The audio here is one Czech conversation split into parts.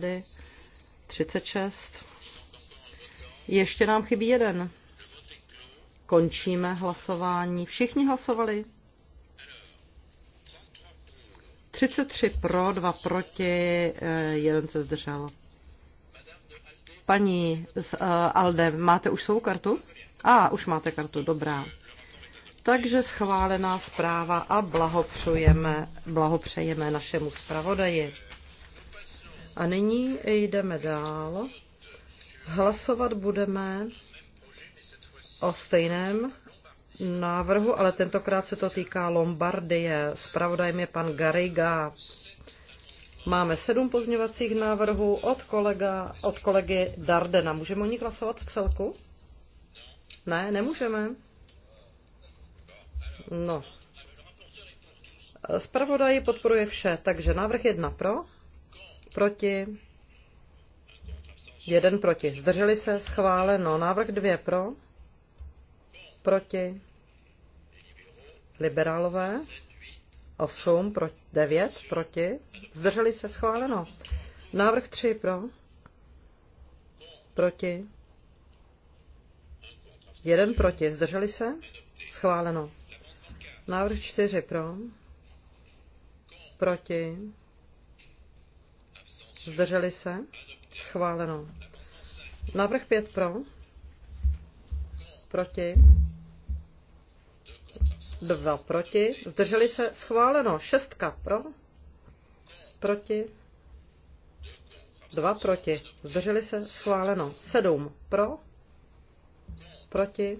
tady 36. Ještě nám chybí jeden. Končíme hlasování. Všichni hlasovali? 33 pro, 2 proti, eh, jeden se zdržel. Paní z eh, Alde, máte už svou kartu? A, ah, už máte kartu, dobrá. Takže schválená zpráva a blahopřejeme, blahopřejeme našemu zpravodaji. A nyní jdeme dál. Hlasovat budeme o stejném návrhu, ale tentokrát se to týká Lombardie. Spravodajem je pan Gariga. Máme sedm pozňovacích návrhů od, kolega, od kolegy Dardena. Můžeme o nich hlasovat v celku? Ne, nemůžeme. No. Spravodaj podporuje vše, takže návrh jedna pro proti, jeden proti. Zdrželi se, schváleno. Návrh dvě pro, proti, liberálové, Osm. pro devět proti, zdrželi se, schváleno. Návrh tři pro, proti, jeden proti, zdrželi se, schváleno. Návrh čtyři pro, proti, Zdrželi se? Schváleno. Návrh 5 pro. Proti. Dva proti. Zdrželi se? Schváleno. Šestka pro. Proti. Dva proti. Zdrželi se? Schváleno. Sedm pro. Proti.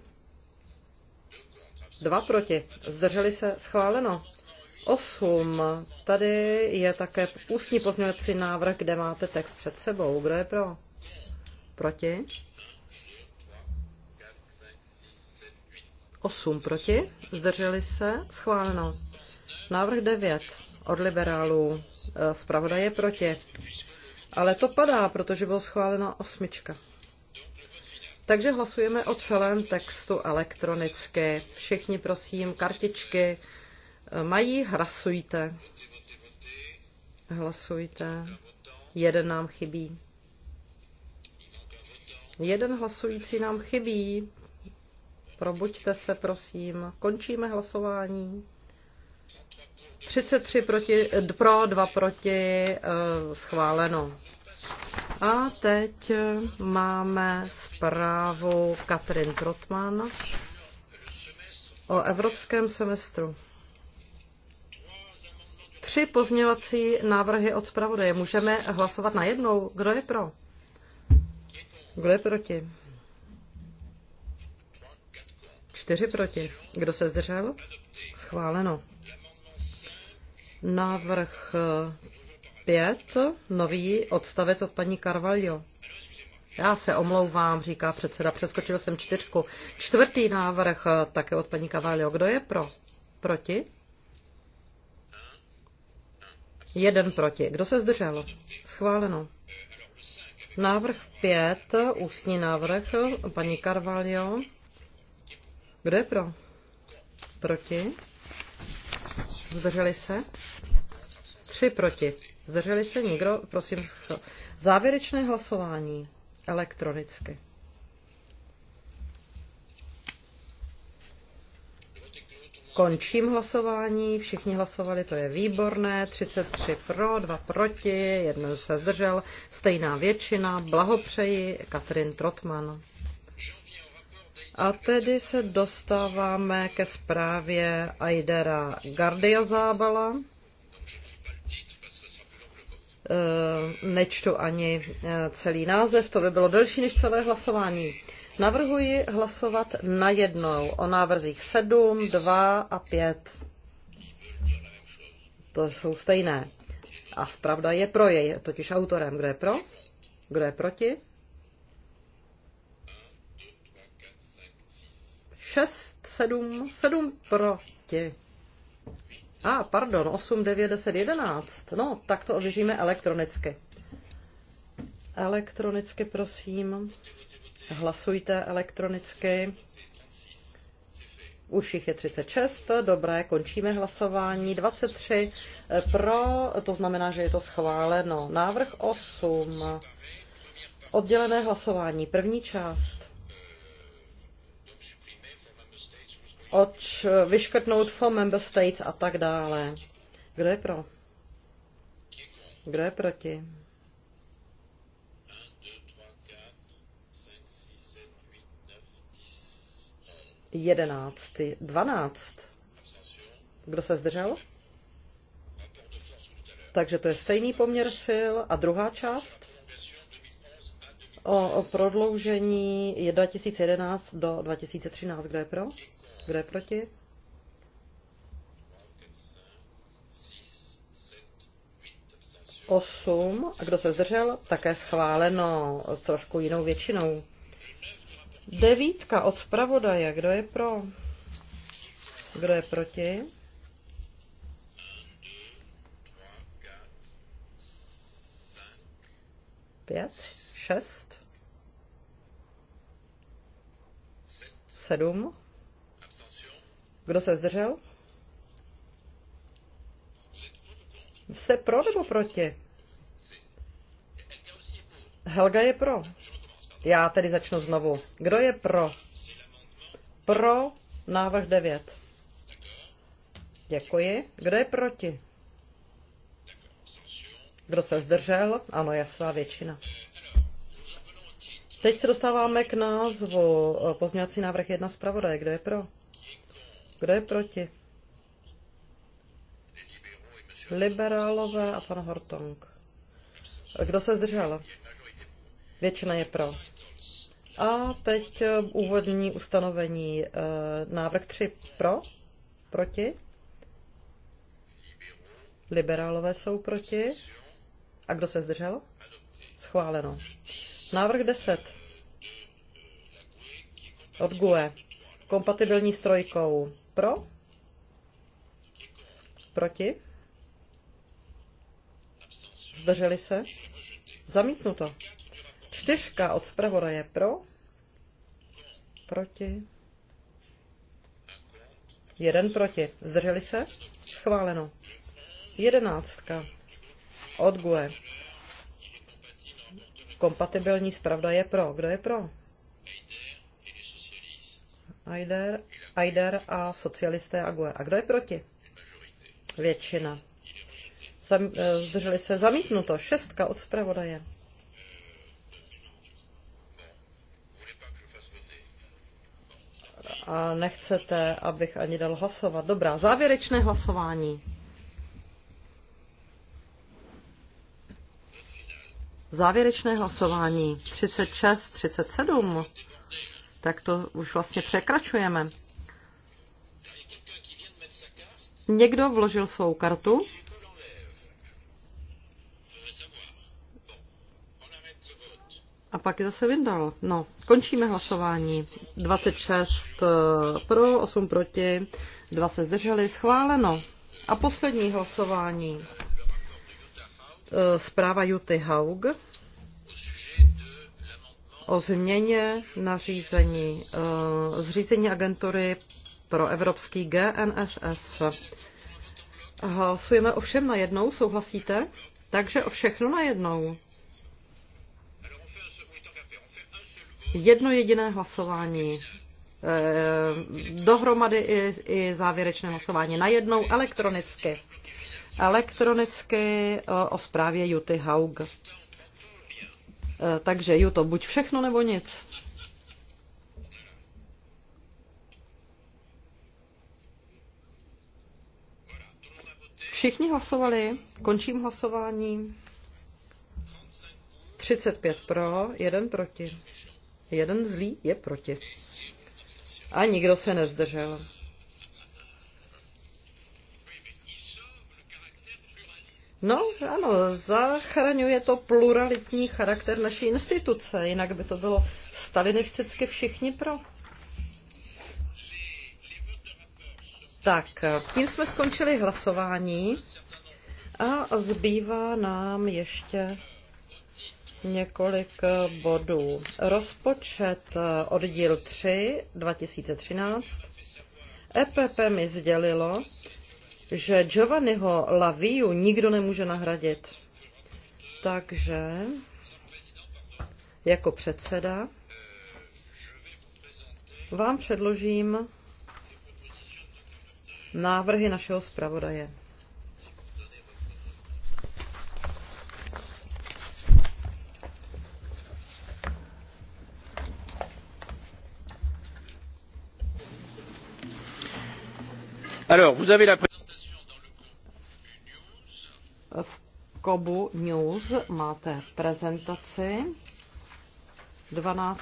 Dva proti. Zdrželi se? Schváleno. 8. Tady je také ústní pozměňovací návrh, kde máte text před sebou. Kdo je pro? Proti? 8 proti, zdrželi se, schváleno. Návrh 9 od liberálů, e, Zpravoda je proti. Ale to padá, protože bylo schválena osmička. Takže hlasujeme o celém textu elektronicky. Všichni prosím, kartičky, mají, hlasujte. Hlasujte. Jeden nám chybí. Jeden hlasující nám chybí. Probuďte se, prosím. Končíme hlasování. 33 proti, pro, 2 proti, eh, schváleno. A teď eh, máme zprávu Katrin Trotman o evropském semestru. Tři pozměňovací návrhy od zpravodaje. Můžeme hlasovat na jednou. Kdo je pro? Kdo je proti? Čtyři proti. Kdo se zdržel? Schváleno. Návrh eh, pět, nový odstavec od paní Carvalho. Já se omlouvám, říká předseda, přeskočil jsem čtyřku. Čtvrtý návrh eh, také od paní Carvalho. Kdo je pro? Proti? Jeden proti. Kdo se zdržel? Schváleno. Návrh pět. ústní návrh, paní Carvalho. Kdo je pro? Proti? Zdrželi se? Tři proti. Zdrželi se nikdo? Prosím, závěrečné hlasování elektronicky. Končím hlasování, všichni hlasovali, to je výborné, 33 pro, 2 proti, jedno se zdržel, stejná většina, blahopřeji, Katrin Trotman. A tedy se dostáváme ke zprávě Aidera Zábala. Eh, nečtu ani eh, celý název, to by bylo delší než celé hlasování. Navrhuji hlasovat najednou o návrzích 7, 2 a 5. To jsou stejné. A zpravda je pro jej, totiž autorem. Kdo je pro? Kdo je proti? 6, 7, 7 proti. A, ah, pardon, 8, 9, 10, 11. No, tak to ověříme elektronicky. Elektronicky, prosím. Hlasujte elektronicky. Už jich je 36, dobré, končíme hlasování. 23 eh, pro, to znamená, že je to schváleno. Návrh 8. Oddělené hlasování, první část. Od eh, vyškrtnout for member states a tak dále. Kdo je pro? Kdo je proti? 11, 12. Kdo se zdržel? Takže to je stejný poměr sil. A druhá část o, o prodloužení je 2011 do 2013. Kdo je pro? Kdo je proti? Osm. A kdo se zdržel? Také schváleno s trošku jinou většinou. Devítka od zpravodaje. Kdo je pro? Kdo je proti? Pět, šest, sedm. Kdo se zdržel? Jste pro nebo proti? Helga je pro. Já tedy začnu znovu. Kdo je pro? Pro návrh 9. Děkuji. Kdo je proti? Kdo se zdržel? Ano, jasná většina. Teď se dostáváme k názvu. Pozměňovací návrh 1 zpravodaje. Kdo je pro? Kdo je proti? Liberálové a pan Hortong. Kdo se zdržel? Většina je pro. A teď eh, úvodní ustanovení. Eh, návrh 3 pro, proti. Liberálové jsou proti. A kdo se zdržel? Schváleno. Návrh 10. Od GUE. Kompatibilní s trojkou. Pro? Proti? Zdrželi se? Zamítnuto. Čtyřka od zpravodaje pro? Proti? Jeden proti. Zdrželi se? Schváleno. Jedenáctka. Od GUE. Kompatibilní zpravda je pro. Kdo je pro? Aider, Aider a socialisté a GUE. A kdo je proti? Většina. Zam, eh, zdrželi se zamítnuto. Šestka od zpravodaje. nechcete, abych ani dal hlasovat. Dobrá, závěrečné hlasování. Závěrečné hlasování 36, 37. Tak to už vlastně překračujeme. Někdo vložil svou kartu? A pak je zase vyndal. No, končíme hlasování. 26 eh, pro, 8 proti, 2 se zdrželi, schváleno. A poslední hlasování. Eh, zpráva Juty Haug o změně nařízení, eh, zřízení agentury pro evropský GNSS. Hlasujeme o všem najednou, souhlasíte? Takže o všechno najednou. jedno jediné hlasování eh, dohromady i, i závěrečné hlasování najednou elektronicky. Elektronicky eh, o zprávě Juty Haug. Eh, takže Juto, buď všechno nebo nic. Všichni hlasovali, končím hlasování. 35 pro, 1 proti. Jeden zlý je proti. A nikdo se nezdržel. No, ano, zachraňuje to pluralitní charakter naší instituce, jinak by to bylo stalinisticky všichni pro. Tak, tím jsme skončili hlasování a zbývá nám ještě několik eh, bodů. Rozpočet eh, oddíl 3 2013. EPP mi sdělilo, že Giovanniho Laviu nikdo nemůže nahradit. Takže jako předseda vám předložím návrhy našeho zpravodaje. vous avez la v Kobu News máte prezentaci. 12.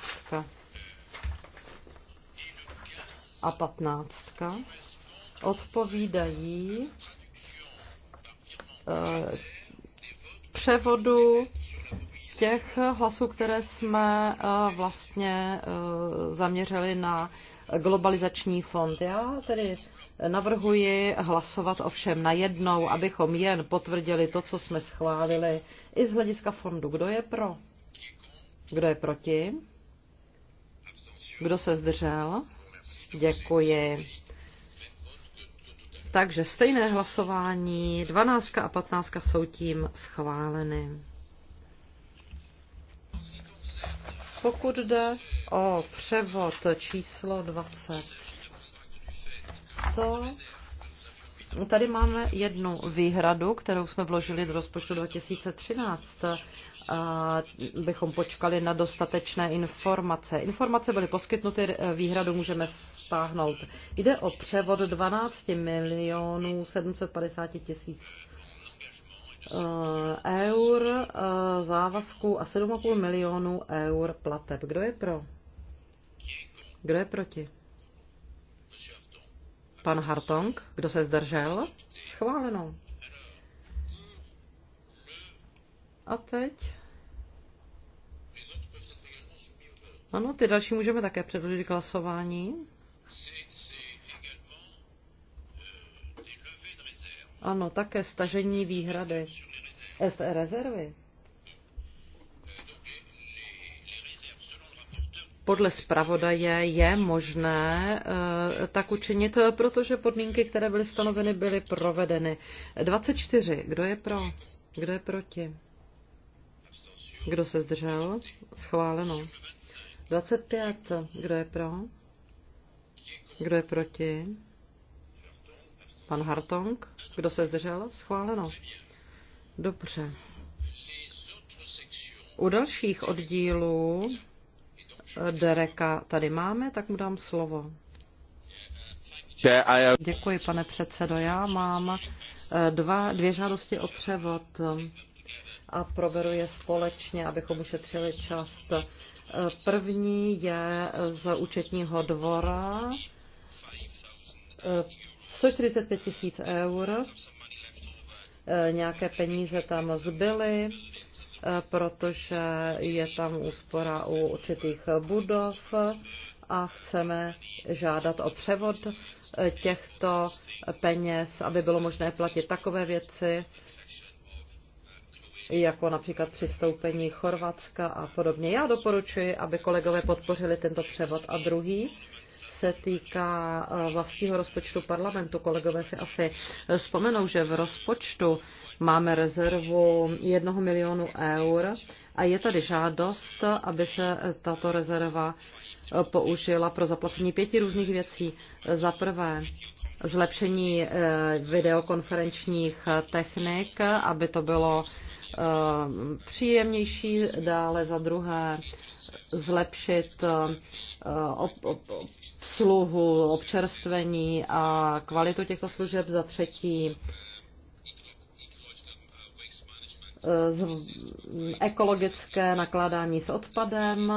a 15. odpovídají eh, převodu těch hlasů, které jsme eh, vlastně eh, zaměřili na globalizační fond. Já tedy navrhuji hlasovat ovšem najednou, abychom jen potvrdili to, co jsme schválili i z hlediska fondu. Kdo je pro? Kdo je proti? Kdo se zdržel? Děkuji. Takže stejné hlasování, 12 a 15 jsou tím schváleny. Pokud jde o převod číslo 20, to tady máme jednu výhradu, kterou jsme vložili do rozpočtu 2013. A bychom počkali na dostatečné informace. Informace byly poskytnuty, výhradu můžeme stáhnout. Jde o převod 12 milionů 750 tisíc Eh, eur eh, závazků a 7,5 milionů eur plateb. Kdo je pro? Kdo je proti? Pan Hartong, kdo se zdržel? Schváleno. A teď? Ano, ty další můžeme také předložit k hlasování. Ano, také stažení výhrady. Est rezervy. Podle zpravodaje je možné eh, tak učinit, protože podmínky, které byly stanoveny, byly provedeny. 24. Kdo je pro? Kdo je proti? Kdo se zdržel? Schváleno. 25. Kdo je pro? Kdo je proti? Pan Hartong, kdo se zdržel? Schváleno. Dobře. U dalších oddílů eh, Dereka tady máme, tak mu dám slovo. Děkuji, pane předsedo. Já mám eh, dva, dvě žádosti o převod eh, a proberu je společně, abychom ušetřili čas. První je z účetního dvora 145 tisíc eur, eh, nějaké peníze tam zbyly, eh, protože je tam úspora u určitých budov a chceme žádat o převod eh, těchto peněz, aby bylo možné platit takové věci, jako například přistoupení Chorvatska a podobně. Já doporučuji, aby kolegové podpořili tento převod. A druhý se týká eh, vlastního rozpočtu parlamentu, kolegové si asi vzpomenou, že v rozpočtu máme rezervu jednoho milionu eur a je tady žádost, aby se tato rezerva eh, použila pro zaplacení pěti různých věcí. Za prvé zlepšení eh, videokonferenčních technik, aby to bylo příjemnější, dále za druhé zlepšit eh, obsluhu, občerstvení a kvalitu těchto služeb. Za třetí, eh, ekologické nakládání s odpadem.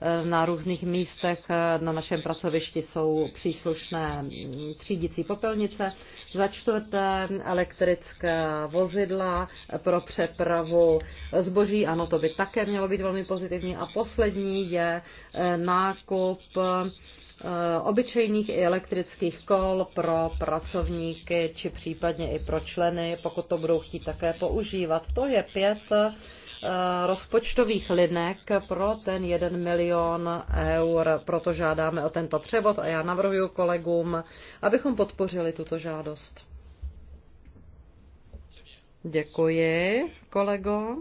Eh, na různých místech na našem pracovišti jsou příslušné mm, třídicí popelnice za čtvrté elektrická vozidla pro přepravu zboží, ano, to by také mělo být velmi pozitivní. A poslední je eh, nákup eh, obyčejných i elektrických kol pro pracovníky či případně i pro členy, pokud to budou chtít také používat. To je pět Eh, rozpočtových linek pro ten 1 milion eur. Proto žádáme o tento převod a já navrhuji kolegům, abychom podpořili tuto žádost. Děkuji, kolego.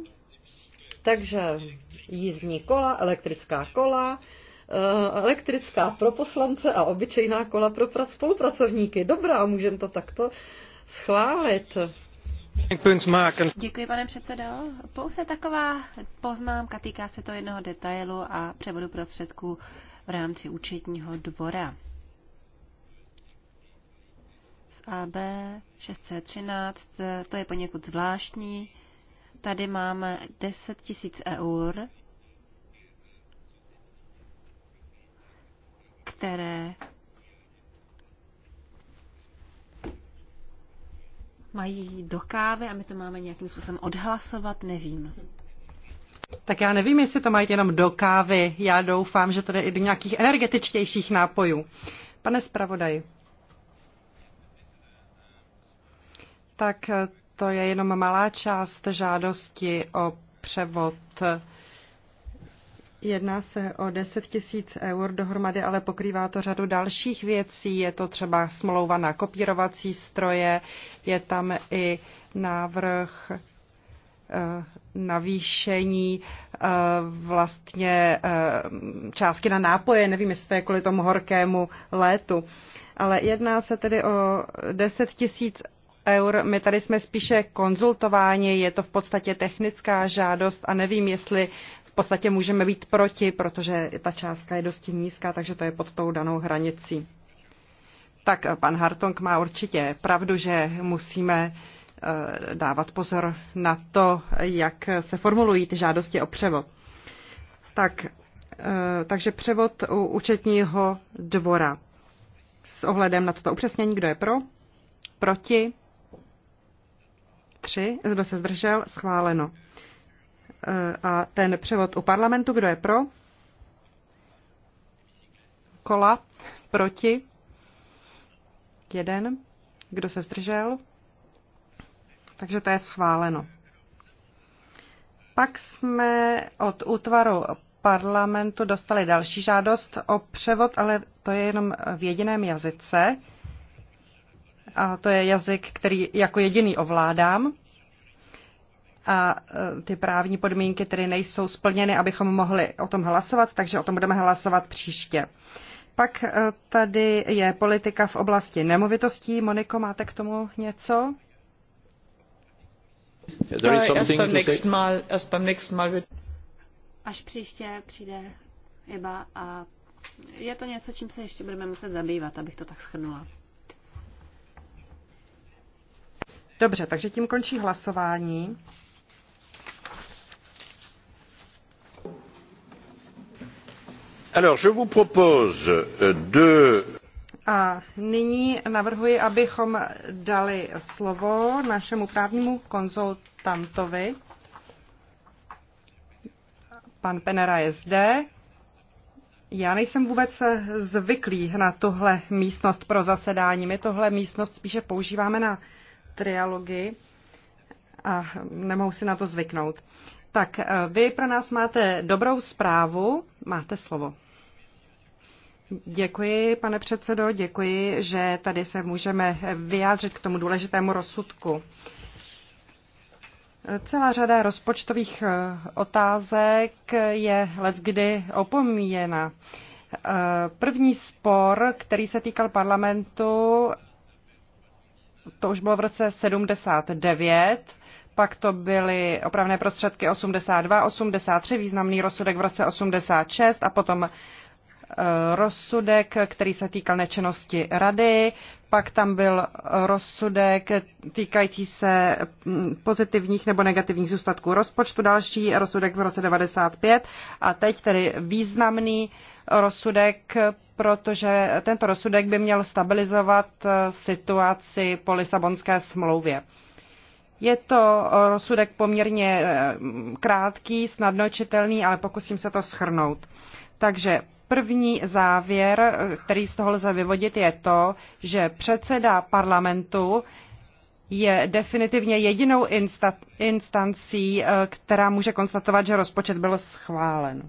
Takže jízdní kola, elektrická kola, eh, elektrická pro poslance a obyčejná kola pro spolupracovníky. Dobrá, můžeme to takto schválit. Děkuji, pane předsedo. Pouze taková poznámka týká se to jednoho detailu a převodu prostředků v rámci účetního dvora. Z AB 613, to je poněkud zvláštní. Tady máme 10 tisíc eur, které mají do kávy a my to máme nějakým způsobem odhlasovat, nevím. Tak já nevím, jestli to mají jenom do kávy. Já doufám, že to jde i do nějakých energetičtějších nápojů. Pane zpravodaji. Tak to je jenom malá část žádosti o převod Jedná se o 10 tisíc eur dohromady, ale pokrývá to řadu dalších věcí. Je to třeba smlouva na kopírovací stroje, je tam i návrh eh, navýšení eh, vlastně eh, částky na nápoje, nevím, jestli to je kvůli tomu horkému létu. Ale jedná se tedy o 10 tisíc eur. My tady jsme spíše konzultováni, je to v podstatě technická žádost a nevím, jestli podstatě můžeme být proti, protože ta částka je dosti nízká, takže to je pod tou danou hranicí. Tak eh, pan Hartong má určitě pravdu, že musíme eh, dávat pozor na to, jak se formulují ty žádosti o převod. Tak, eh, takže převod u účetního dvora. S ohledem na toto upřesnění, kdo je pro? Proti? Tři. Kdo se zdržel? Schváleno a ten převod u parlamentu, kdo je pro? Kola, proti, jeden, kdo se zdržel? Takže to je schváleno. Pak jsme od útvaru parlamentu dostali další žádost o převod, ale to je jenom v jediném jazyce. A to je jazyk, který jako jediný ovládám a e, ty právní podmínky tedy nejsou splněny, abychom mohli o tom hlasovat, takže o tom budeme hlasovat příště. Pak e, tady je politika v oblasti nemovitostí. Moniko, máte k tomu něco? Až příště přijde Iba a je to něco, čím se ještě budeme muset zabývat, abych to tak schrnula. Dobře, takže tím končí hlasování. Euh, a nyní navrhuji, abychom dali slovo našemu právnímu konzultantovi. Pan Penera je zde. Já nejsem vůbec zvyklý na tuhle místnost pro zasedání. My tohle místnost spíše používáme na trialogy a nemohu si na to zvyknout. Tak eh, vy pro nás máte dobrou zprávu, máte slovo. Děkuji, pane předsedo, děkuji, že tady se můžeme vyjádřit k tomu důležitému rozsudku. Celá řada rozpočtových eh, otázek je leckdy opomíjena. Eh, první spor, který se týkal parlamentu, to už bylo v roce 79, pak to byly opravné prostředky 82, 83, významný rozsudek v roce 86 a potom Eh, rozsudek, který se týkal nečinnosti rady, pak tam byl rozsudek týkající se mm, pozitivních nebo negativních zůstatků rozpočtu, další rozsudek v roce 95 a teď tedy významný rozsudek, protože tento rozsudek by měl stabilizovat eh, situaci po Lisabonské smlouvě. Je to rozsudek poměrně eh, krátký, snadno čitelný, ale pokusím se to schrnout. Takže První závěr, eh, který z toho lze vyvodit, je to, že předseda parlamentu je definitivně jedinou insta- instancí, eh, která může konstatovat, že rozpočet byl schválen.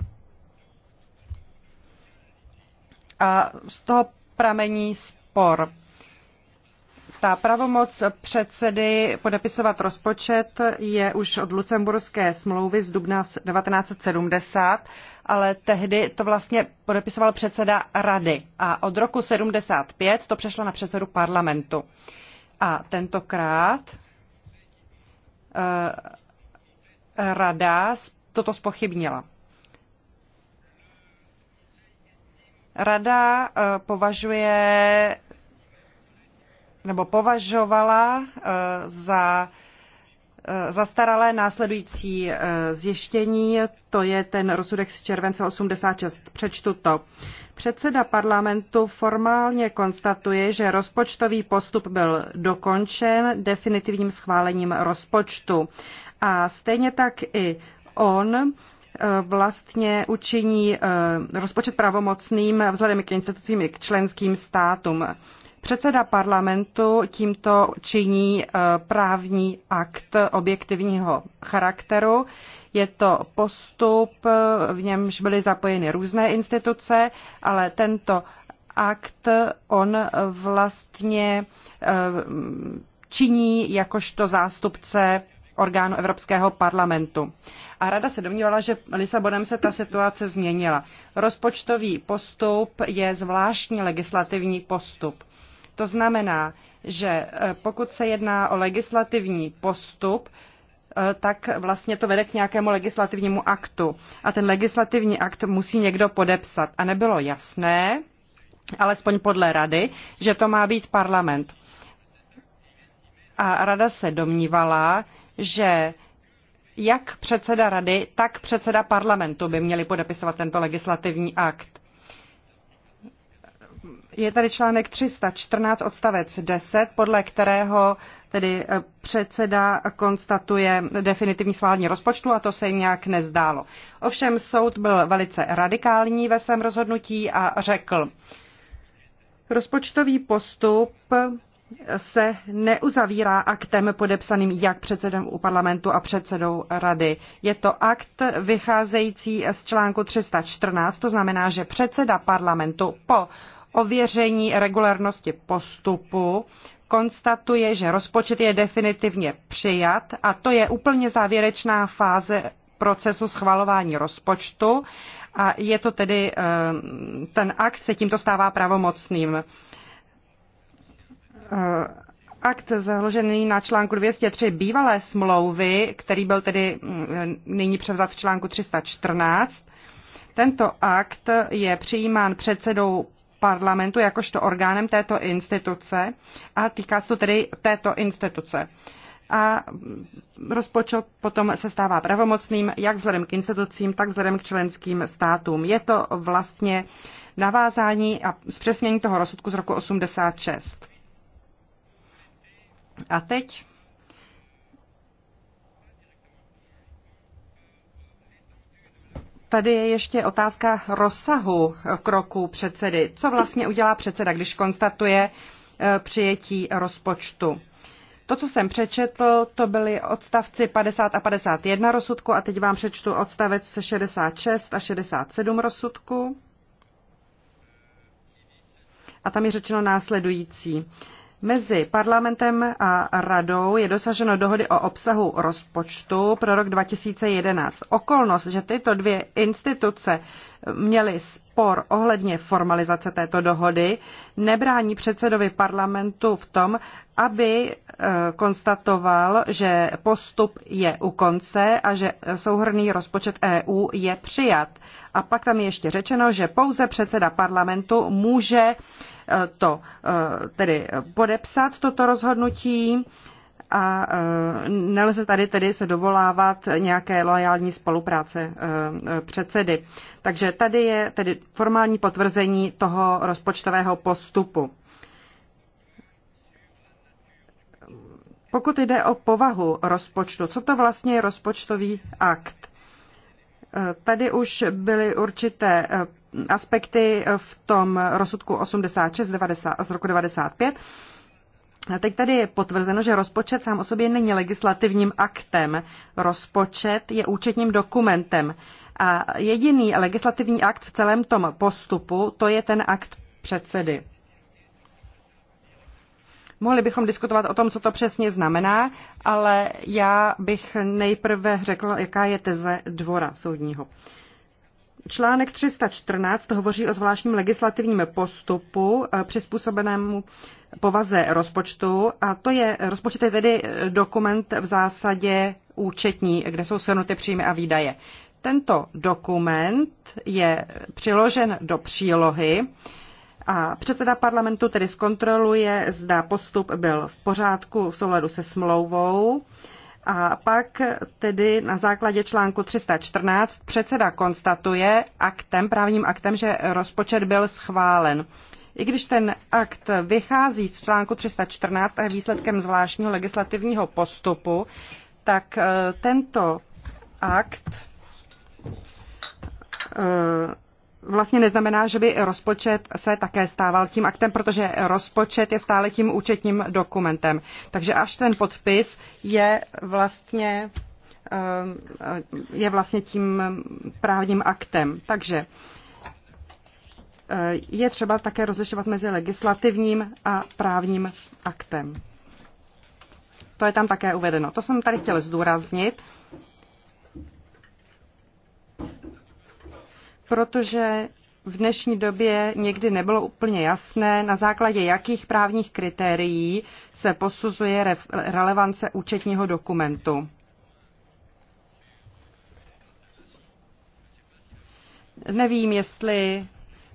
A z toho pramení spor ta pravomoc předsedy podepisovat rozpočet je už od Lucemburské smlouvy z dubna 1970, ale tehdy to vlastně podepisoval předseda rady a od roku 75 to přešlo na předsedu parlamentu. A tentokrát eh, rada toto spochybnila. Rada eh, považuje nebo považovala eh, za eh, zastaralé následující eh, zjištění, to je ten rozsudek z července 86. Přečtu to. Předseda parlamentu formálně konstatuje, že rozpočtový postup byl dokončen definitivním schválením rozpočtu. A stejně tak i on vlastně učiní rozpočet pravomocným vzhledem k institucím i k členským státům. Předseda parlamentu tímto činí e, právní akt objektivního charakteru. Je to postup, e, v němž byly zapojeny různé instituce, ale tento akt on vlastně e, činí jakožto zástupce orgánu Evropského parlamentu. A rada se domnívala, že Lisabonem se ta situace změnila. Rozpočtový postup je zvláštní legislativní postup. To znamená, že e, pokud se jedná o legislativní postup, e, tak vlastně to vede k nějakému legislativnímu aktu. A ten legislativní akt musí někdo podepsat. A nebylo jasné, alespoň podle rady, že to má být parlament. A rada se domnívala, že jak předseda rady, tak předseda parlamentu by měli podepisovat tento legislativní akt je tady článek 314 odstavec 10, podle kterého tedy eh, předseda konstatuje definitivní schválení rozpočtu a to se jim nějak nezdálo. Ovšem soud byl velice radikální ve svém rozhodnutí a řekl, rozpočtový postup se neuzavírá aktem podepsaným jak předsedem u parlamentu a předsedou rady. Je to akt vycházející z článku 314, to znamená, že předseda parlamentu po ověření regulárnosti postupu konstatuje, že rozpočet je definitivně přijat a to je úplně závěrečná fáze procesu schvalování rozpočtu a je to tedy, eh, ten akt se tímto stává pravomocným. Eh, akt založený na článku 203 bývalé smlouvy, který byl tedy mm, nyní převzat v článku 314, tento akt je přijímán předsedou parlamentu jakožto orgánem této instituce a týká se to tedy této instituce. A rozpočet potom se stává pravomocným jak vzhledem k institucím, tak vzhledem k členským státům. Je to vlastně navázání a zpřesnění toho rozsudku z roku 86. A teď Tady je ještě otázka rozsahu kroků předsedy. Co vlastně udělá předseda, když konstatuje eh, přijetí rozpočtu? To, co jsem přečetl, to byly odstavci 50 a 51 rozsudku a teď vám přečtu odstavec 66 a 67 rozsudku. A tam je řečeno následující. Mezi parlamentem a radou je dosaženo dohody o obsahu rozpočtu pro rok 2011. Okolnost, že tyto dvě instituce měly spor ohledně formalizace této dohody, nebrání předsedovi parlamentu v tom, aby eh, konstatoval, že postup je u konce a že souhrný rozpočet EU je přijat. A pak tam je ještě řečeno, že pouze předseda parlamentu může to eh, tedy podepsat, toto rozhodnutí a eh, nelze tady tedy se dovolávat nějaké loajální spolupráce eh, předsedy. Takže tady je tedy formální potvrzení toho rozpočtového postupu. Pokud jde o povahu rozpočtu, co to vlastně je rozpočtový akt? Tady už byly určité aspekty v tom rozsudku 86 90, z roku 95. A teď tady je potvrzeno, že rozpočet sám o sobě není legislativním aktem. Rozpočet je účetním dokumentem. A jediný legislativní akt v celém tom postupu, to je ten akt předsedy. Mohli bychom diskutovat o tom, co to přesně znamená, ale já bych nejprve řekla, jaká je teze dvora soudního. Uh, Článek 314 hovoří o zvláštním legislativním postupu eh, přizpůsobenému povaze rozpočtu a to je, rozpočet je tedy dokument v zásadě účetní, kde jsou shrnuty příjmy a výdaje. Tento dokument je přiložen do přílohy a předseda parlamentu tedy zkontroluje, zda postup byl v pořádku v souladu se smlouvou a pak tedy na základě článku 314 předseda konstatuje aktem, právním aktem, že rozpočet byl schválen. I když ten akt vychází z článku 314 a je výsledkem zvláštního legislativního postupu, tak eh, tento akt eh, vlastně neznamená, že by rozpočet se také stával tím aktem, protože rozpočet je stále tím účetním dokumentem. Takže až ten podpis je vlastně eh, je vlastně tím právním aktem. Takže eh, je třeba také rozlišovat mezi legislativním a právním aktem. To je tam také uvedeno. To jsem tady chtěla zdůraznit, protože v dnešní době někdy nebylo úplně jasné, na základě jakých právních kritérií se posuzuje relevance účetního dokumentu. Nevím, jestli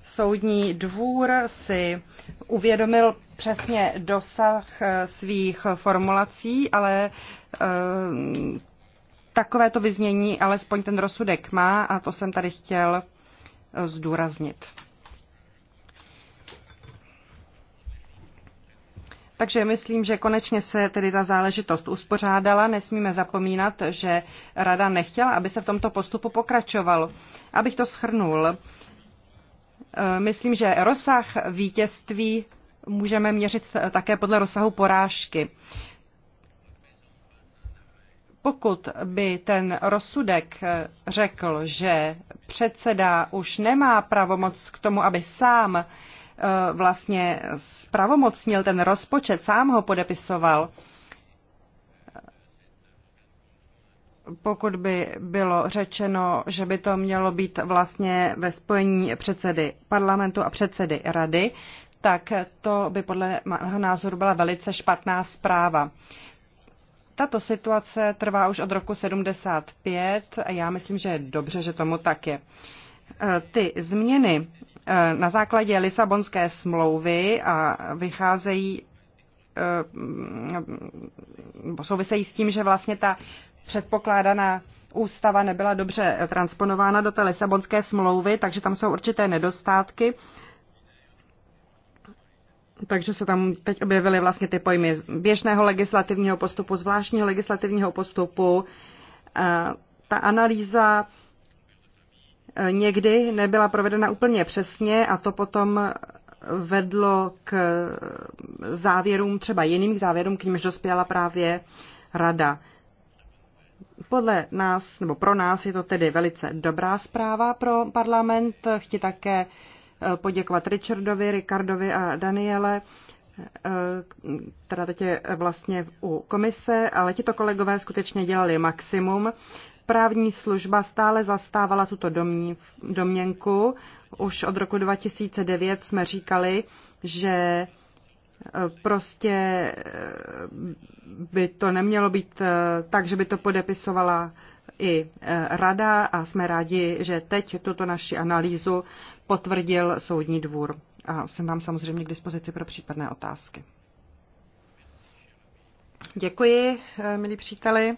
soudní dvůr si uvědomil přesně dosah eh, svých formulací, ale eh, takovéto vyznění alespoň ten rozsudek má a to jsem tady chtěl zdůraznit. Takže myslím, že konečně se tedy ta záležitost uspořádala. Nesmíme zapomínat, že rada nechtěla, aby se v tomto postupu pokračovalo. Abych to schrnul, eh, myslím, že rozsah vítězství můžeme měřit také podle rozsahu porážky pokud by ten rozsudek eh, řekl, že předseda už nemá pravomoc k tomu, aby sám eh, vlastně spravomocnil ten rozpočet, sám ho podepisoval, pokud by bylo řečeno, že by to mělo být vlastně ve spojení předsedy parlamentu a předsedy rady, tak to by podle mého názoru byla velice špatná zpráva. Tato situace trvá už od roku 75 a já myslím, že je dobře, že tomu tak je. E, ty změny e, na základě Lisabonské smlouvy a vycházejí e, souvisejí s tím, že vlastně ta předpokládaná ústava nebyla dobře transponována do té Lisabonské smlouvy, takže tam jsou určité nedostátky takže se tam teď objevily vlastně ty pojmy běžného legislativního postupu, zvláštního legislativního postupu. Eh, ta analýza eh, někdy nebyla provedena úplně přesně a to potom vedlo k závěrům, třeba jiným závěrům, k nímž dospěla právě rada. Podle nás, nebo pro nás je to tedy velice dobrá zpráva pro parlament. Chci také poděkovat Richardovi, Ricardovi a Daniele, která eh, teď je vlastně u komise, ale tito kolegové skutečně dělali maximum. Právní služba stále zastávala tuto domněnku. Už od roku 2009 jsme říkali, že eh, prostě eh, by to nemělo být tak, že by to podepisovala i e, rada a jsme rádi, že teď tuto naši analýzu potvrdil Soudní dvůr. A jsem vám samozřejmě k dispozici pro případné otázky. Děkuji, e, milí příteli.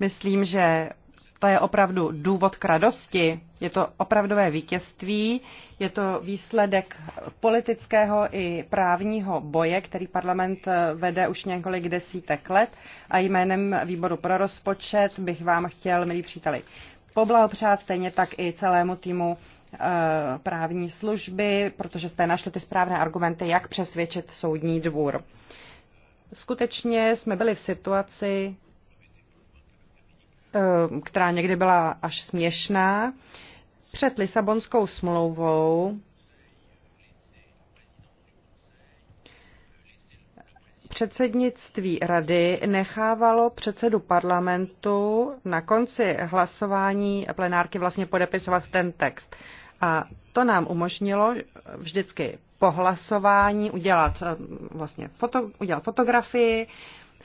Myslím, že to je opravdu důvod k radosti, je to opravdové vítězství, je to výsledek politického i právního boje, který parlament eh, vede už několik desítek let a jménem výboru pro rozpočet bych vám chtěl, milí příteli, poblahopřát stejně tak i celému týmu eh, právní služby, protože jste našli ty správné argumenty, jak přesvědčit soudní dvůr. Skutečně jsme byli v situaci, Eh, která někdy byla až směšná, před Lisabonskou smlouvou předsednictví rady nechávalo předsedu parlamentu na konci hlasování plenárky vlastně podepisovat ten text. A to nám umožnilo vždycky po hlasování udělat, eh, vlastně foto, udělat fotografii,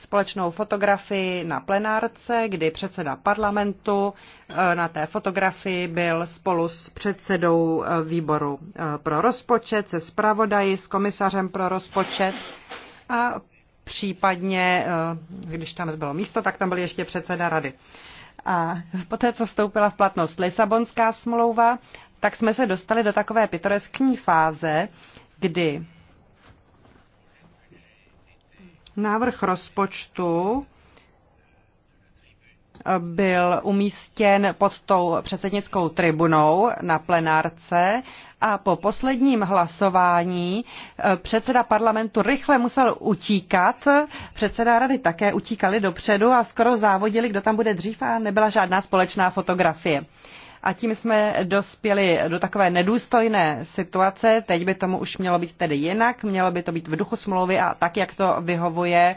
společnou fotografii na plenárce, kdy předseda parlamentu eh, na té fotografii byl spolu s předsedou eh, výboru eh, pro rozpočet, se zpravodaji, s komisařem pro rozpočet a případně, když tam bylo místo, tak tam byl ještě předseda rady. A poté, co vstoupila v platnost Lisabonská smlouva, tak jsme se dostali do takové pitoreskní fáze, kdy Návrh rozpočtu byl umístěn pod tou předsednickou tribunou na plenárce a po posledním hlasování eh, předseda parlamentu rychle musel utíkat. Předseda rady také utíkali dopředu a skoro závodili, kdo tam bude dřív a nebyla žádná společná fotografie a tím jsme dospěli do takové nedůstojné situace. Teď by tomu už mělo být tedy jinak, mělo by to být v duchu smlouvy a tak, jak to vyhovuje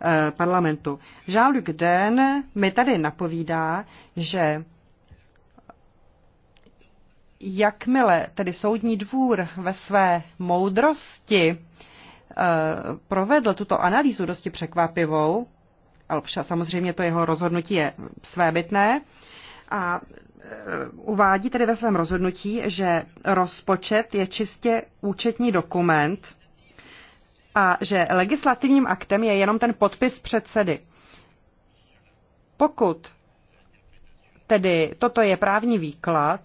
eh, parlamentu. Jean-Luc Den mi tady napovídá, že jakmile tedy soudní dvůr ve své moudrosti eh, provedl tuto analýzu dosti překvapivou, ale samozřejmě to jeho rozhodnutí je svébytné, a Eh, uvádí tedy ve svém rozhodnutí, že rozpočet je čistě účetní dokument a že legislativním aktem je jenom ten podpis předsedy. Pokud tedy toto je právní výklad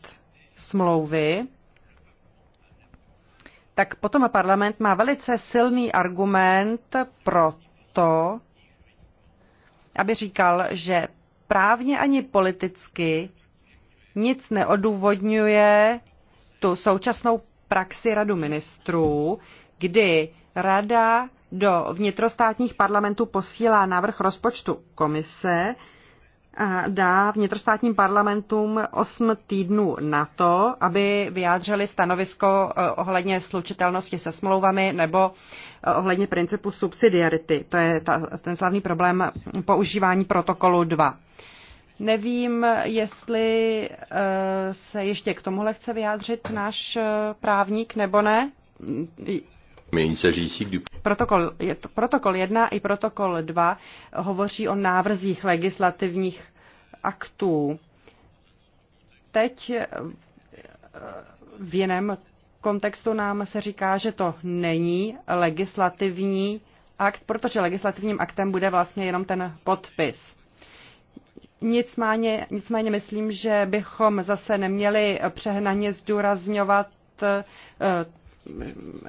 smlouvy, tak potom parlament má velice silný argument pro to, aby říkal, že právně ani politicky nic neodůvodňuje tu současnou praxi radu ministrů, kdy rada do vnitrostátních parlamentů posílá návrh rozpočtu komise a dá vnitrostátním parlamentům 8 týdnů na to, aby vyjádřili stanovisko eh, ohledně slučitelnosti se smlouvami nebo eh, ohledně principu subsidiarity. To je ta, ten slavný problém používání protokolu 2. Nevím, jestli eh, se ještě k tomuhle chce vyjádřit náš eh, právník nebo ne. Protokol, je to, protokol 1 i protokol 2 hovoří o návrzích legislativních aktů. Teď eh, v jiném kontextu nám se říká, že to není legislativní akt, protože legislativním aktem bude vlastně jenom ten podpis. Nicméně, nicméně myslím, že bychom zase neměli přehnaně zdůrazňovat eh,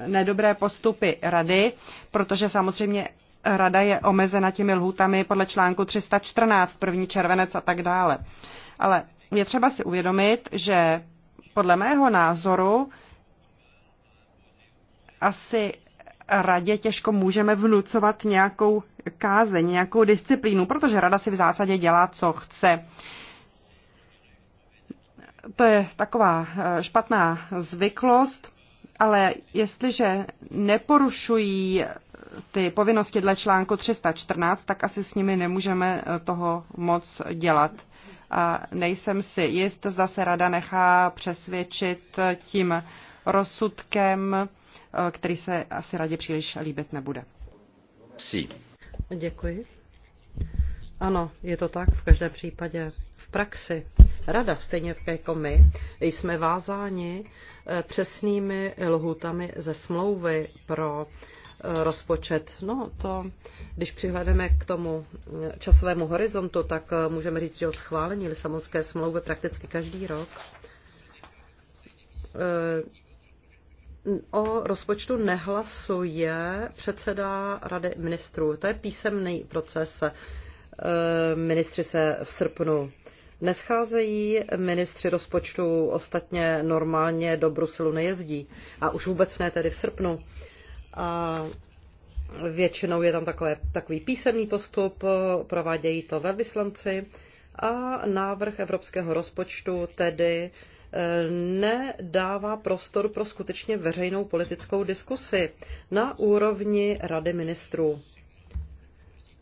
nedobré postupy rady, protože samozřejmě rada je omezena těmi lhůtami podle článku 314, první červenec a tak dále. Ale je třeba si uvědomit, že podle mého názoru asi radě těžko můžeme vnucovat nějakou kázeň, nějakou disciplínu, protože rada si v zásadě dělá, co chce. To je taková eh, špatná zvyklost, ale jestliže neporušují eh, ty povinnosti dle článku 314, tak asi s nimi nemůžeme eh, toho moc dělat. A nejsem si jist, zda se rada nechá přesvědčit tím rozsudkem, Eh, který se asi radě příliš líbit nebude. Sí. Děkuji. Ano, je to tak v každém případě. V praxi rada, stejně tak jako my, jsme vázáni eh, přesnými lhutami ze smlouvy pro eh, rozpočet. No to, když přihledeme k tomu časovému horizontu, tak můžeme říct, že od schválení Lisabonské smlouvy prakticky každý rok o rozpočtu nehlasuje předseda Rady ministrů. To je písemný proces. E, ministři se v srpnu nescházejí, ministři rozpočtu ostatně normálně do Bruselu nejezdí a už vůbec ne tedy v srpnu. A většinou je tam takové, takový písemný postup, provádějí to vyslanci a návrh evropského rozpočtu tedy uh, nedává prostor pro skutečně veřejnou politickou diskusi na úrovni Rady ministrů.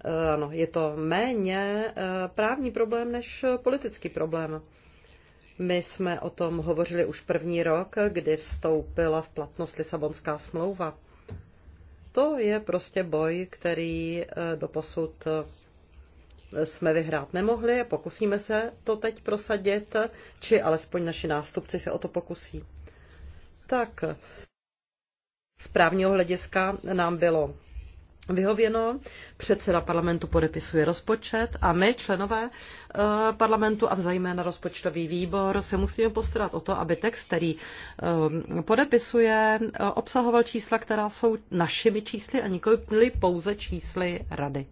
Eh, ano, je to méně eh, právní problém než politický problém. My jsme o tom hovořili už první rok, kdy vstoupila v platnost Lisabonská smlouva. To je prostě boj, který eh, doposud jsme vyhrát nemohli, pokusíme se to teď prosadit, či alespoň naši nástupci se o to pokusí. Tak, z právního hlediska nám bylo vyhověno, předseda parlamentu podepisuje rozpočet a my, členové eh, parlamentu a na rozpočtový výbor, se musíme postarat o to, aby text, který eh, podepisuje, eh, obsahoval čísla, která jsou našimi čísly a nikoli pouze čísly rady.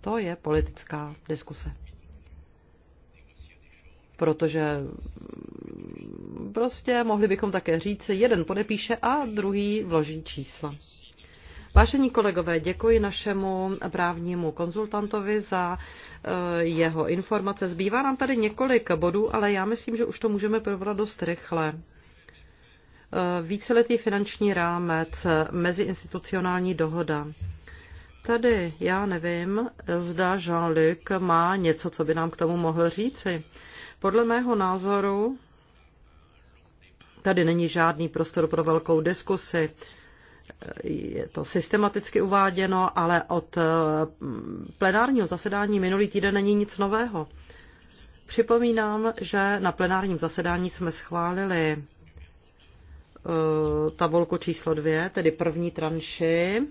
To je politická diskuse. Protože prostě mohli bychom také říct, jeden podepíše a druhý vloží čísla. Vážení kolegové, děkuji našemu právnímu konzultantovi za eh, jeho informace. Zbývá nám tady několik bodů, ale já myslím, že už to můžeme provodat dost rychle. Eh, víceletý finanční rámec, meziinstitucionální dohoda. Tady já nevím, zda Jean-Luc má něco, co by nám k tomu mohl říci. Podle mého názoru tady není žádný prostor pro velkou diskusi. Je to systematicky uváděno, ale od eh, plenárního zasedání minulý týden není nic nového. Připomínám, že na plenárním zasedání jsme schválili Eh, tabulku číslo dvě, tedy první tranši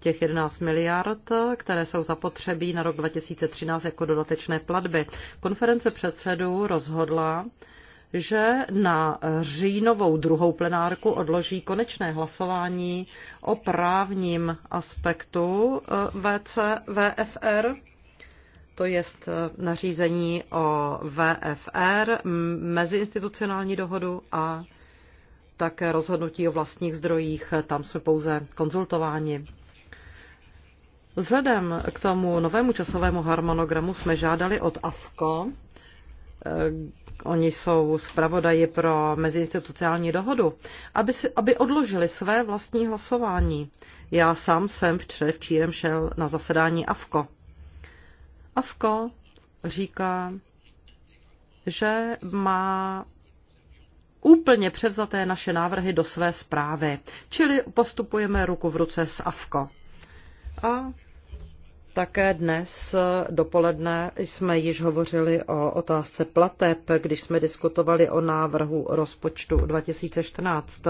těch 11 miliard, které jsou zapotřebí na rok 2013 jako dodatečné platby. Konference předsedů rozhodla, že na říjnovou druhou plenárku odloží konečné hlasování o právním aspektu eh, VC, VFR, to je eh, nařízení o VFR, meziinstitucionální dohodu a také rozhodnutí o vlastních zdrojích, tam jsme pouze konzultováni. Vzhledem k tomu novému časovému harmonogramu jsme žádali od AFKO, eh, oni jsou zpravodaji pro meziinstitucionální dohodu, aby, si, aby odložili své vlastní hlasování. Já sám jsem včírem šel na zasedání AFKO. AFKO říká, že má úplně převzaté naše návrhy do své zprávy. Čili postupujeme ruku v ruce s AFKO. A také dnes eh, dopoledne jsme již hovořili o otázce plateb, když jsme diskutovali o návrhu rozpočtu 2014.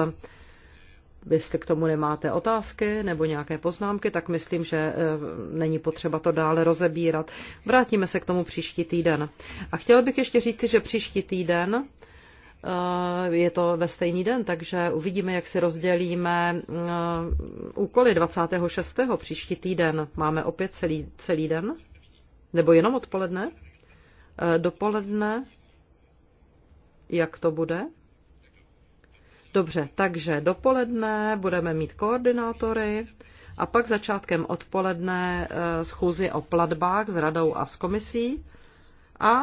Jestli k tomu nemáte otázky nebo nějaké poznámky, tak myslím, že eh, není potřeba to dále rozebírat. Vrátíme se k tomu příští týden. A chtěl bych ještě říct, že příští týden Eh, je to ve stejný den, takže uvidíme, jak si rozdělíme eh, úkoly 26. příští týden. Máme opět celý, celý den? Nebo jenom odpoledne? Eh, dopoledne? Jak to bude? Dobře, takže dopoledne budeme mít koordinátory a pak začátkem odpoledne schůzi o platbách s radou a s komisí a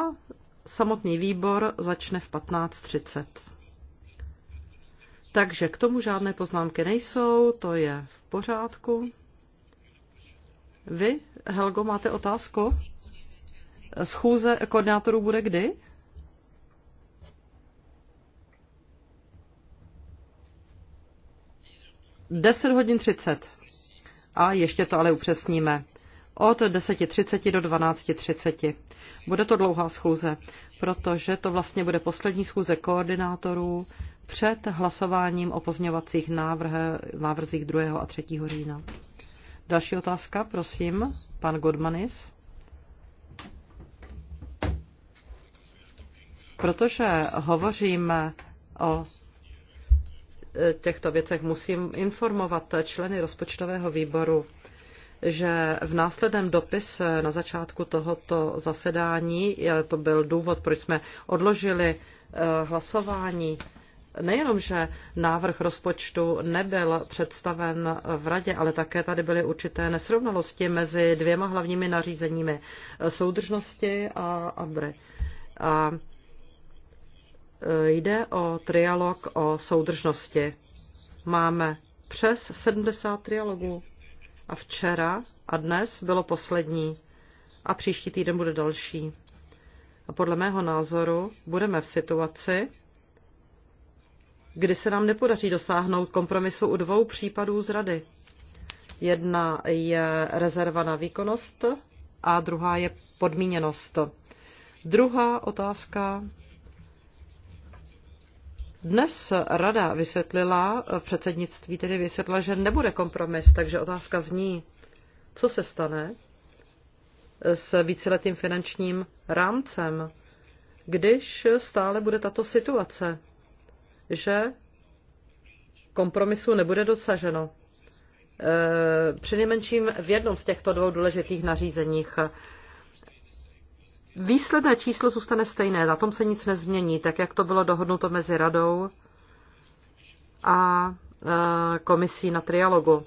samotný výbor začne v 15.30. Takže k tomu žádné poznámky nejsou, to je v pořádku. Vy, Helgo, máte otázku? Schůze koordinátorů bude kdy? Deset hodin třicet. A ještě to ale upřesníme od 10.30 do 12.30. Bude to dlouhá schůze, protože to vlastně bude poslední schůze koordinátorů před hlasováním o pozměňovacích návrh, návrzích 2. a 3. října. Další otázka, prosím, pan Godmanis. Protože hovoříme o e, těchto věcech, musím informovat členy rozpočtového výboru že v následném dopise na začátku tohoto zasedání, to byl důvod, proč jsme odložili eh, hlasování, nejenom, že návrh rozpočtu nebyl představen v radě, ale také tady byly určité nesrovnalosti mezi dvěma hlavními nařízeními eh, soudržnosti a ABRY. A eh, jde o trialog o soudržnosti. Máme přes 70 trialogů a včera a dnes bylo poslední a příští týden bude další. A podle mého názoru budeme v situaci, kdy se nám nepodaří dosáhnout kompromisu u dvou případů rady. Jedna je rezerva na výkonnost a druhá je podmíněnost. Druhá otázka dnes rada vysvětlila, eh, předsednictví tedy vysvětlila, že nebude kompromis, takže otázka zní, co se stane s víceletým finančním rámcem, když stále bude tato situace, že kompromisu nebude dosaženo. Eh, přinejmenším v jednom z těchto dvou důležitých nařízeních výsledné číslo zůstane stejné, na tom se nic nezmění, tak jak to bylo dohodnuto mezi radou a e, komisí na trialogu.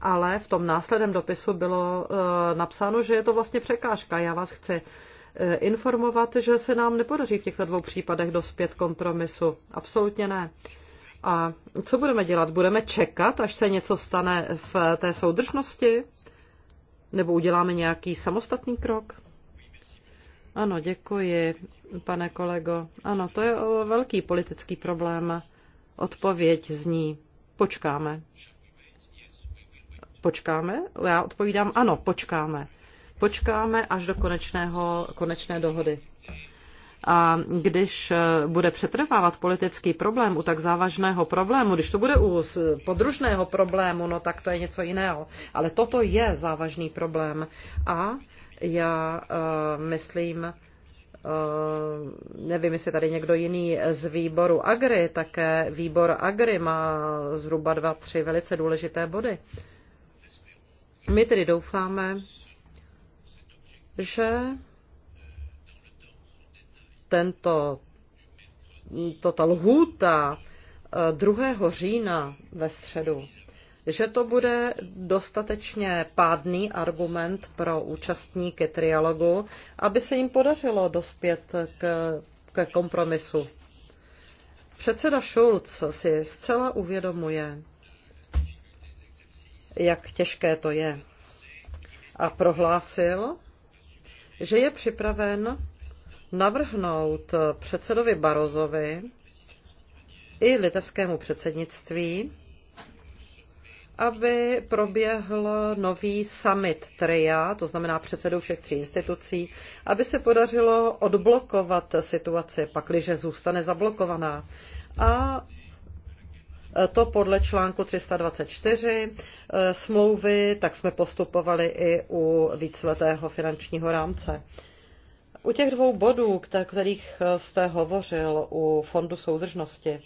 Ale v tom následném dopisu bylo e, napsáno, že je to vlastně překážka. Já vás chci e, informovat, že se nám nepodaří v těchto dvou případech dospět kompromisu. Absolutně ne. A co budeme dělat? Budeme čekat, až se něco stane v té soudržnosti? Nebo uděláme nějaký samostatný krok? Ano, děkuji, pane kolego. Ano, to je velký politický problém. Odpověď zní, počkáme. Počkáme? Já odpovídám, ano, počkáme. Počkáme až do konečného, konečné dohody. A když eh, bude přetrvávat politický problém u tak závažného problému, když to bude u podružného problému, no tak to je něco jiného. Ale toto je závažný problém. A já eh, myslím, eh, nevím, jestli tady někdo jiný z výboru Agri, také výbor Agri má zhruba dva, tři velice důležité body. My tedy doufáme, že tento, to, ta lhůta 2. Eh, října ve středu že to bude dostatečně pádný argument pro účastníky trialogu, aby se jim podařilo dospět k, k kompromisu. Předseda Schulz si zcela uvědomuje, jak těžké to je. A prohlásil, že je připraven navrhnout předsedovi Barozovi i litevskému předsednictví aby proběhl nový summit TRIA, to znamená předsedou všech tří institucí, aby se podařilo odblokovat situaci, pakliže zůstane zablokovaná. A to podle článku 324 eh, smlouvy, tak jsme postupovali i u víceletého finančního rámce. U těch dvou bodů, kterých eh, jste hovořil u Fondu soudržnosti,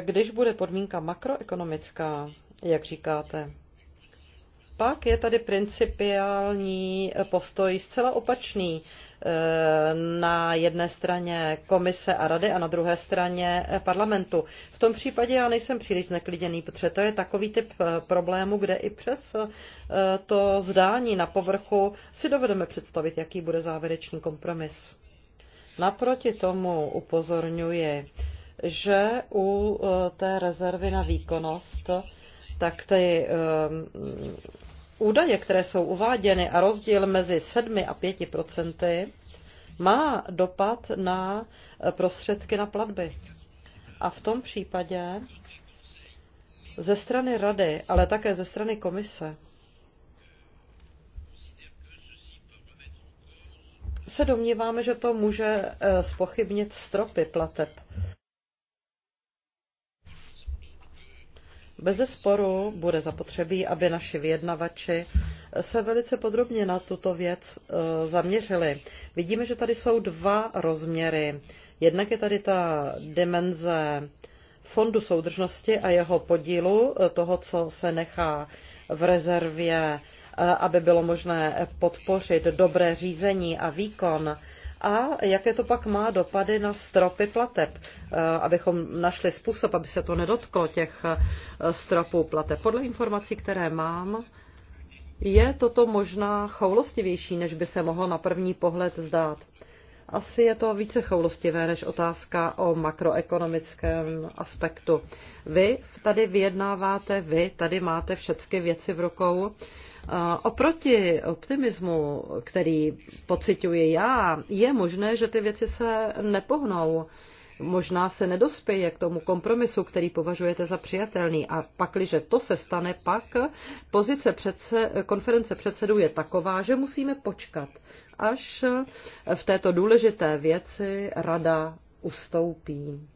když bude podmínka makroekonomická, jak říkáte, pak je tady principiální postoj zcela opačný. Eh, na jedné straně komise a rady a na druhé straně parlamentu. V tom případě já nejsem příliš nekliděný, protože to je takový typ eh, problému, kde i přes eh, to zdání na povrchu si dovedeme představit, jaký bude závěrečný kompromis. Naproti tomu upozorňuji že u eh, té rezervy na výkonnost, tak ty eh, údaje, které jsou uváděny a rozdíl mezi 7 a 5 procenty, má dopad na eh, prostředky na platby. A v tom případě ze strany rady, ale také ze strany komise, se domníváme, že to může spochybnit stropy plateb Bez sporu bude zapotřebí, aby naši vyjednavači se velice podrobně na tuto věc eh, zaměřili. Vidíme, že tady jsou dva rozměry. Jednak je tady ta dimenze fondu soudržnosti a jeho podílu, eh, toho, co se nechá v rezervě, eh, aby bylo možné podpořit dobré řízení a výkon a jaké to pak má dopady na stropy plateb, eh, abychom našli způsob, aby se to nedotklo těch eh, stropů plateb. Podle informací, které mám, je toto možná choulostivější, než by se mohlo na první pohled zdát. Asi je to více choulostivé než otázka o makroekonomickém aspektu. Vy tady vyjednáváte, vy tady máte všechny věci v rukou. Oproti optimismu, který pocituji já, je možné, že ty věci se nepohnou. Možná se nedospěje k tomu kompromisu, který považujete za přijatelný. A pakliže to se stane, pak pozice předse, konference předsedů je taková, že musíme počkat až v této důležité věci rada ustoupí.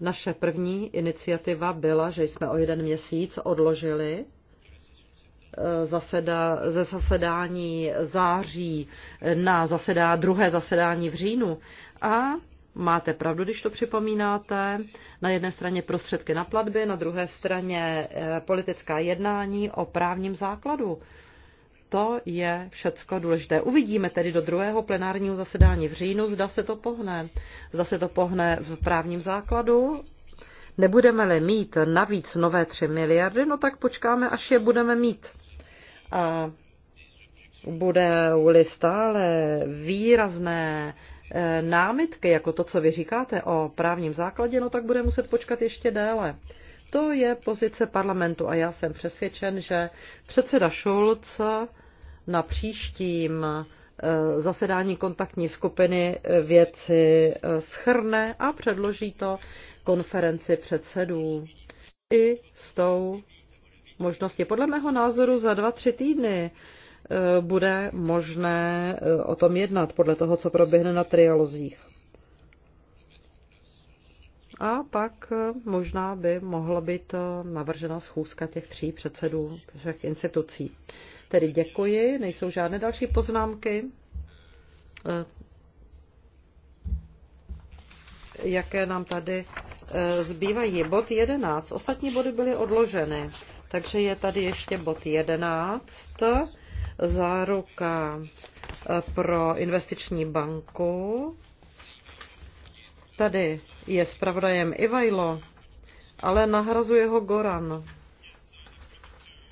Naše první iniciativa byla, že jsme o jeden měsíc odložili eh, zaseda, ze zasedání září na zasedá, druhé zasedání v říjnu. A máte pravdu, když to připomínáte. Na jedné straně prostředky na platby, na druhé straně eh, politická jednání o právním základu to je všecko důležité. Uvidíme tedy do druhého plenárního zasedání v říjnu, zda se to pohne. Zda se to pohne v právním základu. Nebudeme-li mít navíc nové 3 miliardy, no tak počkáme, až je budeme mít. A bude-li stále výrazné eh, námitky, jako to, co vy říkáte o právním základě, no tak bude muset počkat ještě déle. To je pozice parlamentu a já jsem přesvědčen, že předseda Schulz na příštím eh, zasedání kontaktní skupiny věci eh, schrne a předloží to konferenci předsedů. I s tou možností. Podle mého názoru za dva, tři týdny eh, bude možné o tom jednat podle toho, co proběhne na trialozích. A pak eh, možná by mohla být eh, navržena schůzka těch tří předsedů všech institucí. Tedy děkuji, nejsou žádné další poznámky. Eh, jaké nám tady zbývají? Bod 11. Ostatní body byly odloženy, takže je tady ještě bod 11. Záruka pro investiční banku Tady je zpravodajem Ivajlo, ale nahrazuje ho Goran.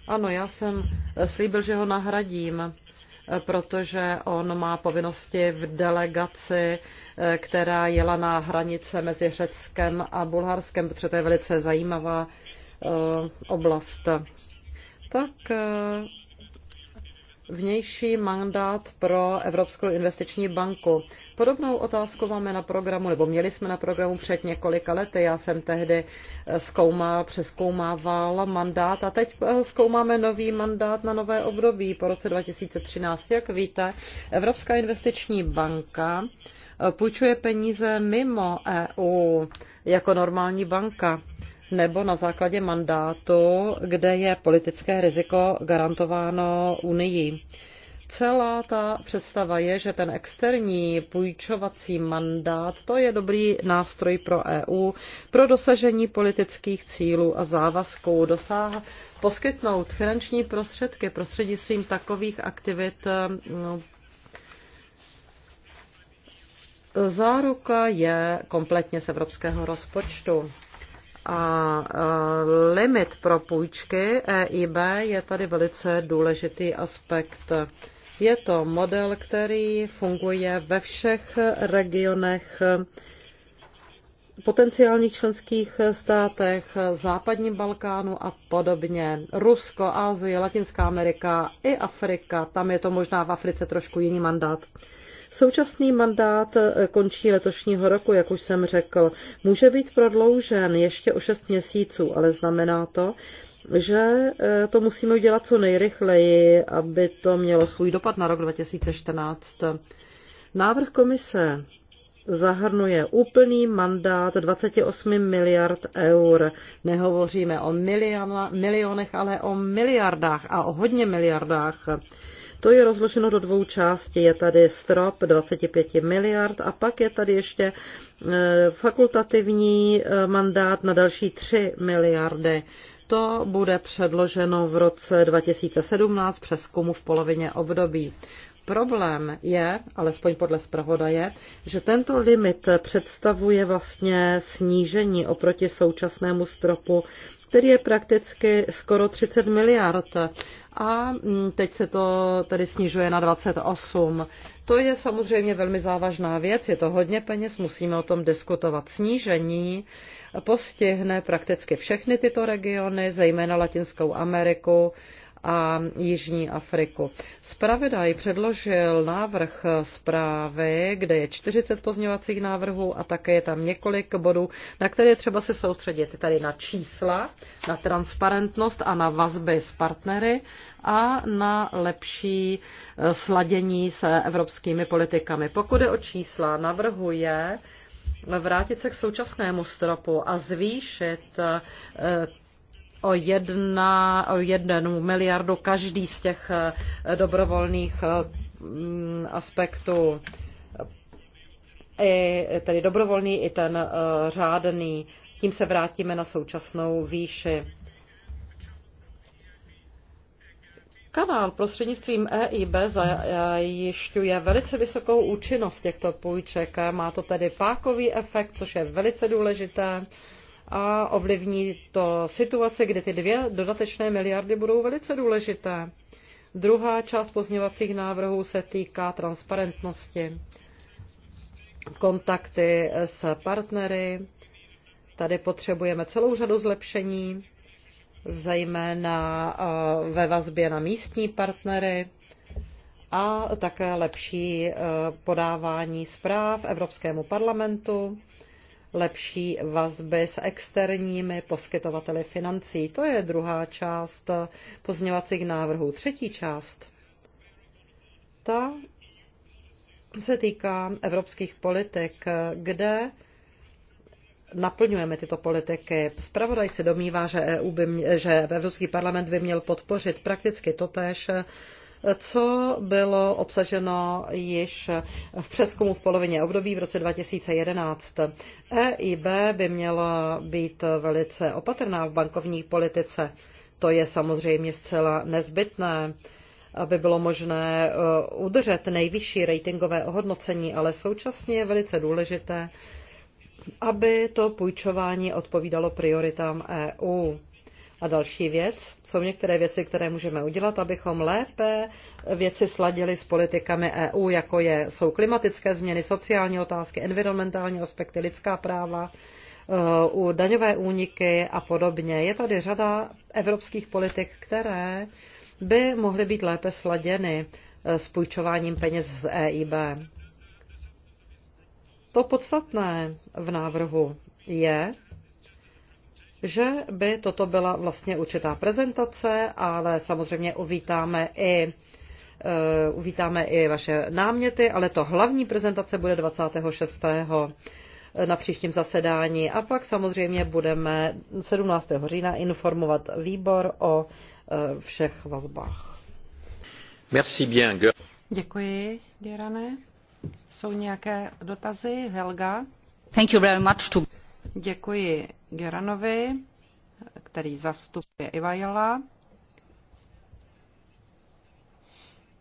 Ano, já jsem eh, slíbil, že ho nahradím, eh, protože on má povinnosti v delegaci, eh, která jela na hranice mezi Řeckem a Bulharskem, protože to je velice zajímavá oblast. Tak vnější mandát pro Evropskou investiční banku. Podobnou otázku máme na programu, nebo měli jsme na programu před několika lety. Já jsem tehdy eh, zkoumal, přeskoumával mandát a teď eh, zkoumáme nový mandát na nové období po roce 2013. Jak víte, Evropská investiční banka eh, půjčuje peníze mimo EU jako normální banka nebo na základě mandátu, kde je politické riziko garantováno Unii. Celá ta představa je, že ten externí půjčovací mandát to je dobrý nástroj pro EU pro dosažení politických cílů a závazků, dosáh, poskytnout finanční prostředky prostřednictvím takových aktivit no, Záruka je kompletně z evropského rozpočtu. A e, limit pro půjčky EIB je tady velice důležitý aspekt. Je to model, který funguje ve všech regionech potenciálních členských státech, západním Balkánu a podobně. Rusko, Ázie, Latinská Amerika i Afrika. Tam je to možná v Africe trošku jiný mandát. Současný mandát eh, končí letošního roku, jak už jsem řekl. Může být prodloužen ještě o šest měsíců, ale znamená to, že eh, to musíme udělat co nejrychleji, aby to mělo svůj dopad na rok 2014. Návrh komise zahrnuje úplný mandát 28 miliard eur. Nehovoříme o miliona, milionech, ale o miliardách a o hodně miliardách. To je rozloženo do dvou částí. Je tady strop 25 miliard a pak je tady ještě e, fakultativní e, mandát na další 3 miliardy. To bude předloženo v roce 2017 přeskumu v polovině období. Problém je, alespoň podle zpravodaje, že tento limit představuje vlastně snížení oproti současnému stropu který je prakticky skoro 30 miliard. A mm, teď se to tedy snižuje na 28. To je samozřejmě velmi závažná věc, je to hodně peněz, musíme o tom diskutovat. Snížení postihne prakticky všechny tyto regiony, zejména Latinskou Ameriku, a Jižní Afriku. Spravedaj předložil návrh zprávy, kde je 40 pozměňovacích návrhů a také je tam několik bodů, na které třeba se soustředit. Tady na čísla, na transparentnost a na vazby s partnery a na lepší eh, sladění se evropskými politikami. Pokud je o čísla, navrhuje vrátit se k současnému stropu a zvýšit eh, o, jedna, o jednu miliardu každý z těch eh, dobrovolných eh, mm, aspektů. I tedy dobrovolný, i ten eh, řádný. Tím se vrátíme na současnou výši. Kanál prostřednictvím EIB zajišťuje velice vysokou účinnost těchto půjček. Má to tedy pákový efekt, což je velice důležité a ovlivní to situace, kde ty dvě dodatečné miliardy budou velice důležité. Druhá část pozněvacích návrhů se týká transparentnosti, kontakty s partnery. Tady potřebujeme celou řadu zlepšení, zejména eh, ve vazbě na místní partnery a také lepší eh, podávání zpráv Evropskému parlamentu lepší vazby s externími poskytovateli financí. To je druhá část pozměňovacích návrhů. Třetí část, ta se týká evropských politik, kde naplňujeme tyto politiky. Spravodaj se domnívá, že, EU by, mě, že Evropský parlament by měl podpořit prakticky totéž, co bylo obsaženo již v přeskumu v polovině období v roce 2011. EIB by měla být velice opatrná v bankovní politice. To je samozřejmě zcela nezbytné aby bylo možné eh, udržet nejvyšší ratingové ohodnocení, ale současně je velice důležité, aby to půjčování odpovídalo prioritám EU. A další věc, jsou některé věci, které můžeme udělat, abychom lépe věci sladili s politikami EU, jako je, jsou klimatické změny, sociální otázky, environmentální aspekty, lidská práva, eh, u daňové úniky a podobně. Je tady řada evropských politik, které by mohly být lépe sladěny eh, s půjčováním peněz z EIB. To podstatné v návrhu je, že by toto byla vlastně určitá prezentace, ale samozřejmě uvítáme i eh, uvítáme i vaše náměty, ale to hlavní prezentace bude 26 eh, na příštím zasedání. A pak samozřejmě budeme 17. října informovat výbor o eh, všech vazbách. Merci bien. Děkuji, Gerane. Jsou nějaké dotazy? Helga? Thank you very much to... Děkuji. Geranovi, který zastupuje Ivajela.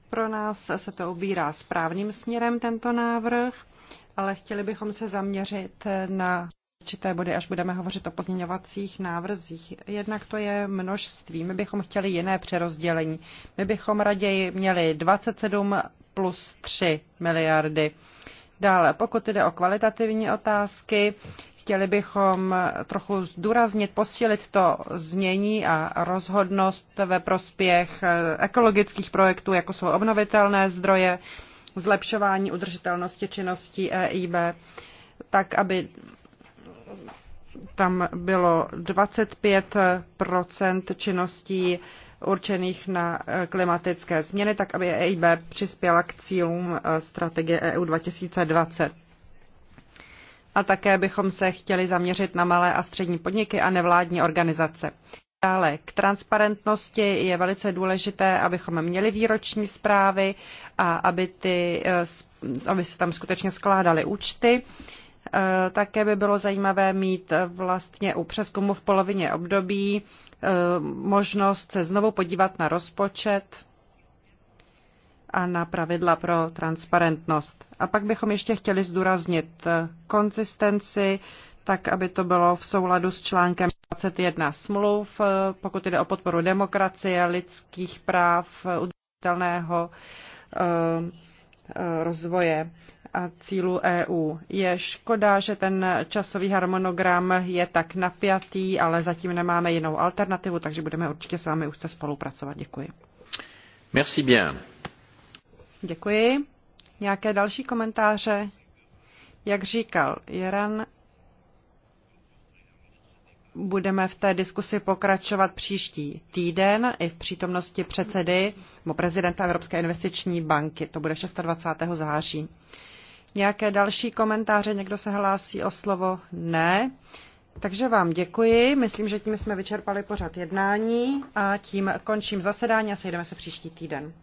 Pro nás se to ubírá správným směrem tento návrh, ale chtěli bychom se zaměřit na určité body, až budeme hovořit o pozměňovacích návrzích. Jednak to je množství. My bychom chtěli jiné přerozdělení. My bychom raději měli 27 plus 3 miliardy. Dále, pokud jde o kvalitativní otázky, Chtěli bychom trochu zdůraznit, posílit to znění a rozhodnost ve prospěch eh, ekologických projektů, jako jsou obnovitelné zdroje, zlepšování udržitelnosti činností EIB, tak aby tam bylo 25 činností určených na eh, klimatické změny, tak aby EIB přispěla k cílům eh, strategie EU 2020 a také bychom se chtěli zaměřit na malé a střední podniky a nevládní organizace. Dále k transparentnosti je velice důležité, abychom měli výroční zprávy a aby, ty, eh, aby se tam skutečně skládaly účty. Eh, také by bylo zajímavé mít eh, vlastně u přeskumu v polovině období možnost se znovu podívat na rozpočet a na pravidla pro transparentnost. A pak bychom ještě chtěli zdůraznit eh, konzistenci, tak aby to bylo v souladu s článkem 21 smluv, eh, pokud jde o podporu demokracie, lidských práv, eh, udržitelného rozvoje a cílu e EU. Je škoda, že ten časový harmonogram je tak napjatý, ale zatím nemáme jinou alternativu, takže budeme určitě s vámi se spolupracovat. Děkuji. Merci bien. Děkuji. Nějaké další komentáře? Jak říkal Jeran, budeme v té diskusi pokračovat příští týden i v přítomnosti předsedy nebo prezidenta Evropské investiční banky. To bude 26. září. Nějaké další komentáře? Někdo se hlásí o slovo? Ne. Takže vám děkuji. Myslím, že tím jsme vyčerpali pořad jednání a tím končím zasedání a sejdeme se příští týden.